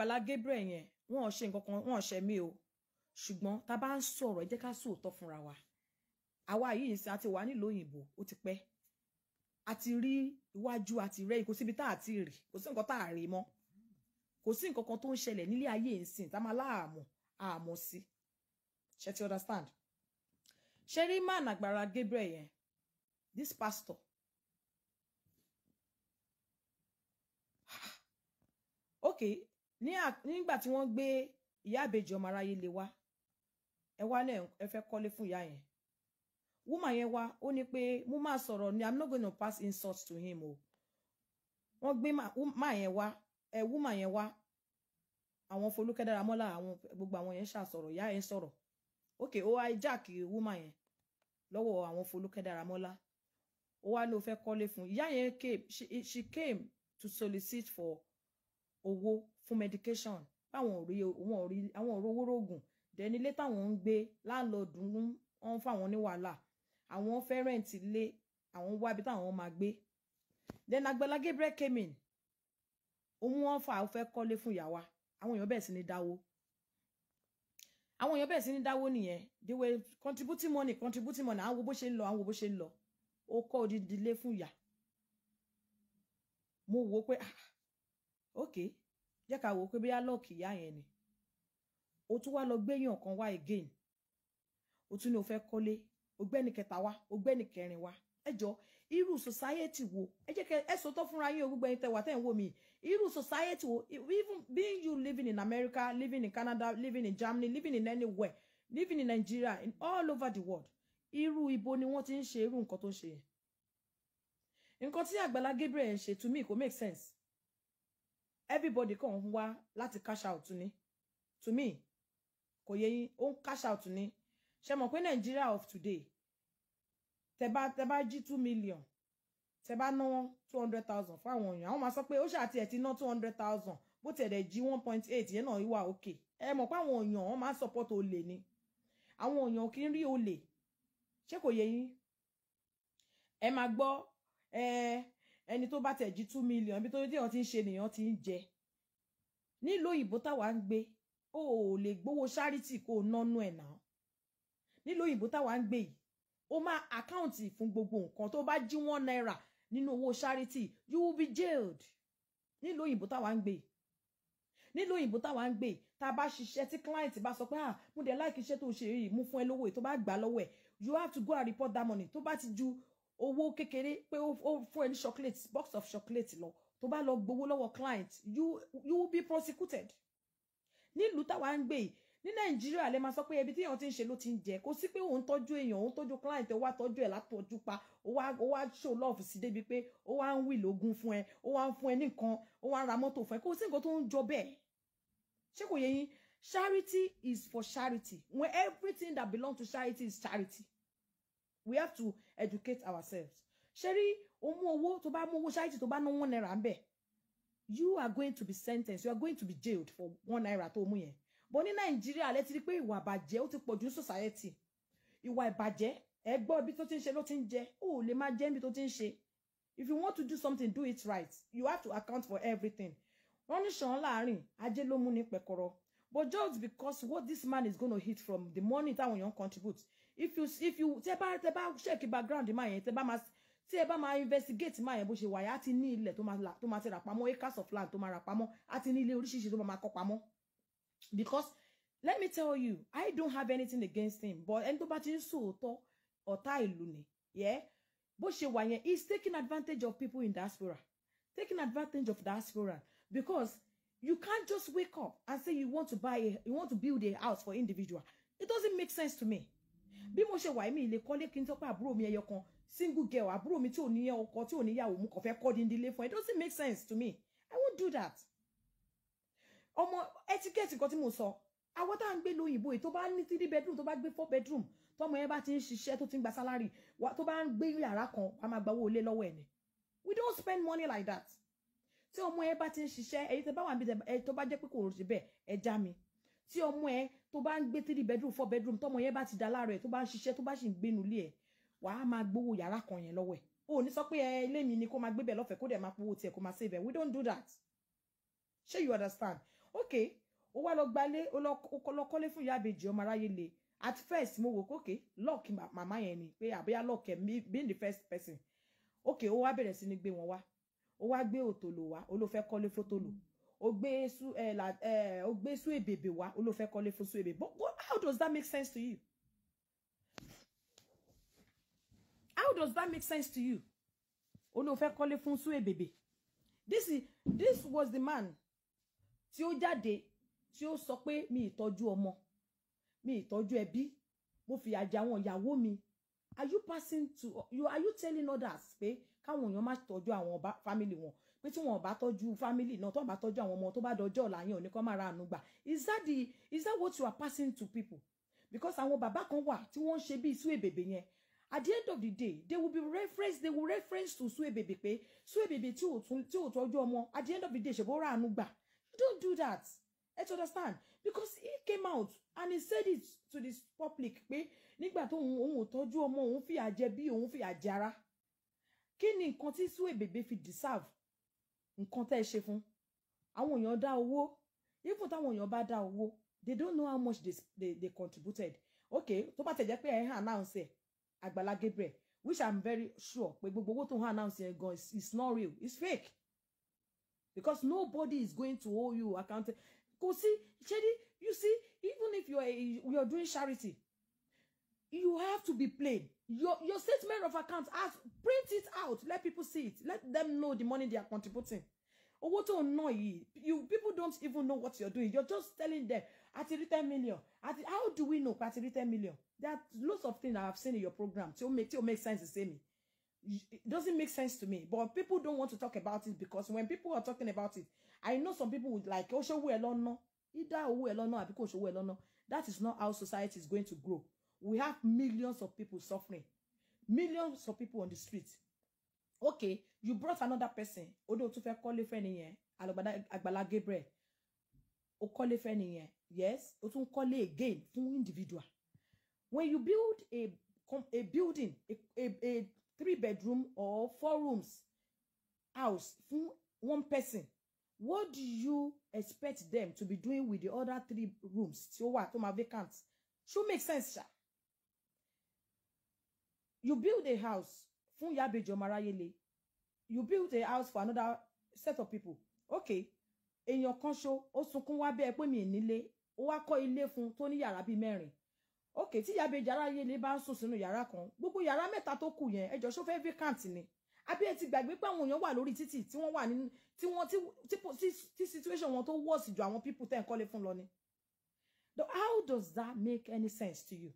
Àgbàlá Gabriel yẹn wọn ò ṣe nǹkan kan wọn ò ṣe mí o ṣùgbọ́n tá a bá ń sọ̀rọ̀ ẹ jẹ́ ká sòótọ́ fúnra wa àwa yìí ṣe àti wà nílùú òyìnbó ó ti pẹ́ a ti rí iwájú àti rẹ́yìn kò síbi tá a ti rì kò sí nǹkan tá a rí mọ́ kò sí nǹkan kan tó ń ṣẹlẹ̀ nílé ayé ìsìn tá a máa láàmú ti understand ṣe rí man Àgbàlá Gabriel yẹn this pastor ah! okay nígbà tí wọ́n gbé ìyá àbèjì ọmọ aráyé lè wá ẹ wálẹ̀ ẹ fẹ́ kọ́lé fún ìyá yẹn wúmà yẹn wá ó ní pé mo máa sọ̀rọ̀ ni i'm not going to pass insult to him o wọ́n gbé má yẹn wá ẹ wúmà yẹn wá àwọn Folúkẹ́ Dáramọ́lá àwọn gbogbo àwọn yẹn ṣàsọ̀rọ̀ ìyá yẹn sọ̀rọ̀ ok ó wá jack wúmà yẹn lọ́wọ́ àwọn Folúkẹ́ Dáramọ́lá ó wá ló fẹ́ kọ́lé fún ìyá yẹn came she, she came to solicit for owó fún medication báwọn ò rí àwọn ò rí àwọn ò rówó rògùn dẹni ilé táwọn ń gbé láńlọ́ọ̀dù ń fáwọn ní wàhálà àwọn fẹ́ rẹ̀ǹtì ilé àwọn wá ibi táwọn máa gbé then Agbala Gabriel came in òun wọn fà á fẹ́ kọ́lé fún ìyàwó àwọn èèyàn bẹ̀rẹ̀ sí ní dáwó àwọn èèyàn bẹ̀rẹ̀ sí ní dáwó nìyẹn they were contributing money contributing money àwọn wo bó ṣe ń lọ àwọn wo bó ṣe ń lọ ó kọ́ odidi ilé fún ìyà mo wò ó pé ah okay jẹ́ ká wò ó pé bóyá lọ́ọ̀kì ìyá yẹn ni o tún wá lọ gbéyàn kan wá again o tún ní o fẹ́ kọ́lé o gbẹ́ni kẹta wá o gbẹ́ni kẹrin wá ẹ jọ irú society wo ẹ jẹ́ kẹ ẹ sọ tọ́ fúnra o gbogbo ẹ̀yin tẹwà tẹ̀ ń wò mí irú society wo even being you living in America living in Canada living in Germany living in anywhere living in Nigeria in all over the world iru ibo ni wọ́n ti ń ṣe irú nǹkan tó ń ṣe yẹn Gabriel ń to me ko make sense everybody kàn ń wá láti cash out ni to me kò yẹ yín ó ń cash out ni ṣe mọ̀ pé Nigeria of today tẹ bá tẹ bá jí two million tẹ bá ná wọn two hundred thousand fún àwọn èèyàn àwọn máa sọ pé ó ṣáà tiẹ̀ ti ná two hundred thousand bó tiẹ̀ dẹ̀ jí one point eight yẹn náà wà òkè ẹ mọ̀ pé àwọn èèyàn wọn support olè ni àwọn èèyàn kì í rí olè ṣé kò yẹ yín ẹ máa gbọ́ ẹ ẹni tó bá tẹ̀ jí two million ibi tó ní tíyàn ti ń ṣe nìyàn ti ń jẹ nílùú òyìnbó táwa ń gbé o ò lè gbowó ṣáríìtì kó o nánú ẹ̀ náà nílùú òyìnbó táwa ń gbé yìí o máa àkáǹtì fún gbogbo nǹkan tó bá jí one náírà nínú owó ṣáríìtì you will be jailed nílùú òyìnbó táwa ń gbé yìí nílùú òyìnbó táwa ń gbé yìí tá a bá ṣiṣẹ́ tí client bá sọ pé ah mo dẹ̀ láìkí iṣẹ́ tó ṣe yìí mú fún ẹ lówó yìí tó bá gbà lọ́wọ́ ẹ̀ you have to go and report that money tó bá ti ju owó kékeré pé ó fún ẹ chocolate box of chocolate lọ tó bá lọ gbowó lọ́wọ́ client you you will be prosecuted nílùú táwa ń gbé yìí ní nàìjíríà lè máa sọ pé ẹbí tí èèyàn ti ń ṣe ló ti ń jẹ kò sí pé òun tọ́jú èèyàn òun tọ́jú client ó wá tọ́jú ẹ̀ látọ̀jú pa ó wá ó wá show love si debi pe. O wá ń wí lógún fún ẹ ó wá ń fún ẹ nìkan ó wá ń ra mọ́tò fún ẹ kò sí nǹkan tó ń jọ bẹ́ẹ̀ ṣé kò charity is for charity when everything that belong to charity is charity we have to educate ourselves Sherry, rí owo mú owó tó bá mú owó ṣáìtì tó bá ná one naira ń you are going to be sentenced you are going to be jailed for one naira To mú yẹn bọ́ ní nàìjíríà lẹ ti rí pé ìwà ìbàjẹ́ ti pọ̀ jù ní society ìwà ìbàjẹ́ ẹ gbọ́ ibi tó ti ń ṣe ló ti ń jẹ ó lè máa jẹ́ ibi if you want to do something do it right you have to account for everything wọ́n ní ṣàn láàrin ajé ló mú ní pẹ̀kọ̀rọ̀ but just because what this man is going to hit from the money táwọn you contribute if you if you take bá tẹ bá check background máa yẹn tẹ bá máa tí ẹ bá investigate máa yẹn bó ṣe wà yá ti ní ilẹ̀ tó máa ti rà pamọ́ acres of land tó máa rà pamọ́ á ti ní ilé oríṣiríṣi tó máa kọ́ pamọ́ because let me tell you I don't have anything against him but ẹni tó bá ti ń sòótọ́ ọ̀tá ìlú ni yeah bó ṣe wà yẹn he is taking advantage of people in diaspora taking advantage of diaspora because You can't just wake up and say you want to buy a, you want to build a house for individual. It doesn't make sense to me. Bí mo ṣe wà mí ilé kọ́lé kí n tọ́ pé mi ẹyọ single girl abro mi tí ò ní ọkọ tí ò ní ìyàwó mú kàn fẹ́ kọ́ It doesn't make sense to me. I won't do that. Omo etiquette nǹkan tí mo sọ àwọn tá à ń gbé lóyìnbó yìí tó three bedroom tó bá gbé four bedroom tọmọ yẹn bá ti ń ṣiṣẹ́ tó ti ń gba salary tó bá ń gbé yàrá kan wàá máa gba owó ilé lọ́wọ́ ẹ̀ ni. We don't spend money like that tí ọmọ ẹ bá ti ń ṣiṣẹ́ èyí tẹ bá wà níbi ẹ tó bá jẹ́ pé kò ṣe bẹ́ẹ̀ ẹ já mi tí ọmọ ẹ tó bá ń gbé three bedroom four bedroom tọmọ yẹn bá ti da láàárọ̀ ẹ tó bá ń ṣiṣẹ́ tó bá sì ń gbénu lé ẹ wà á máa gbowó yàrá kan yẹn lọ́wọ́ ẹ̀ o ní sọ pé ẹ ilé mi ni kó máa gbébẹ̀ lọ́fẹ̀ẹ́ kó dẹ̀ máa powó tiẹ̀ kó máa save ẹ̀ we don't do that ṣé you understand okay o wá lọ gbalé o lọ kọ́lé fún ìyá ọmọ aráyé le at first mo wò okay lock màmá yẹn ni pé àbíyá lock ẹ being the first person okay o wá bẹ̀rẹ̀ sí ni gbé wọn wá ó wá gbé òtòlò wá ó ló fẹ́ kọ́lé fótòlò ó gbé sú ẹ là ẹ ó gbé sú èbèbè wá ó ló fẹ́ kọ́lé fósú èbèbè but how does that make sense to you how does that make sense to you ó ló fẹ́ kọ́lé fún èbèbè this is this was the man tí ó jáde tí ó sọ pé mi ìtọ́jú ọmọ mi ìtọ́jú ẹbí mo fìyà jẹ àwọn ìyàwó mi are you passing to you are you telling others pé káwọn èèyàn má tọ́jú àwọn family wọn pé tí wọn bá tọ́jú family náà tó bá tọ́jú àwọn ọmọ tó bá dọjọ́ ọ̀la yẹn ò ní kó má ra àánú is that the is that what you are passing to people because àwọn bàbá kan wà tí wọ́n ń ṣe bí ìsú èbèbè yẹn at the end of the day they will be reference they will reference to sú èbèbè pé sú èbèbè tí ò tún tí ò tọ́jú ọmọ at the end of the day ṣèbó ra àánú don't do that Let's understand because he came out and he said it to this public nígbà tó òun òun ò tọ́jú ọmọ òun fìyà jẹ bí òun fìyà jẹ ara kí ni nǹkan tí Suwe Bebe fi deserve nǹkan tẹ́ ẹ ṣe fún àwọn èèyàn dá owó even táwọn èèyàn bá dá owó they don't know how much they, they, they contributed okay tó bá tẹ̀ jẹ́ pé ẹ̀ ń announce ẹ̀ Àgbàlá Gabriel which i'm very sure pé gbogbo owó tó ń announce yẹn gan is not real it's fake because nobody is going to owe you account kò sí ṣé ní you see even if you are you are doing charity you have to be plain. Your your statement of account as print it out. Let people see it. Let them know the money they are contributing. Owó tó ń ná yìí. You people don't even know what you're doing. You're just telling them a ti rí 10 million. At how do we know a ti rí 10 million? There are lots of things I have seen in your program. Tí make tí make sense to say me. It doesn't make sense to me, but people don't want to talk about it because when people are talking about it, I know some people would like ó ṣòwò ẹ lọ́nà. Ìdá owó ẹ lọ́nà àbí kò ṣòwò ẹ lọ́nà. That is not how society is going to grow we have millions of people suffering, millions of people on the street. Okay, you brought another person. Odo tún fẹ́ kọ́lé fẹ́ nìyẹn. Alobada Agbala Gabriel. Ó kọ́lé fẹ́ nìyẹn. Yes, ó tún kọ́lé again fún individual. When you build a a building, a, a, a three bedroom or four rooms house fún one person, what do you expect them to be doing with the other three rooms tí what? wà tó vacant? Should make sense, sha you build a house fún yabeji ọmọ le you build a house for another set of people okay èèyàn kan ṣo ó sunkún wá bẹ́ẹ̀ pé mi ì nílé ó ko kọ́ ilé fún tó ní yàrá bíi mẹ́rin okay tí yabeji aráyé le bá ń sùn sínú yàrá kan gbogbo yàrá mẹ́ta tó kù yẹn ẹjọ́ ṣó fẹ́ vacant ni àbí ẹ ti gbàgbé pé àwọn èèyàn wà lórí ti tí wọ́n wà nínú tí wọ́n tí situation wọn to worse ju àwọn people tẹ́ ń kọ́lé fún lọ ni. How does that make any sense to you?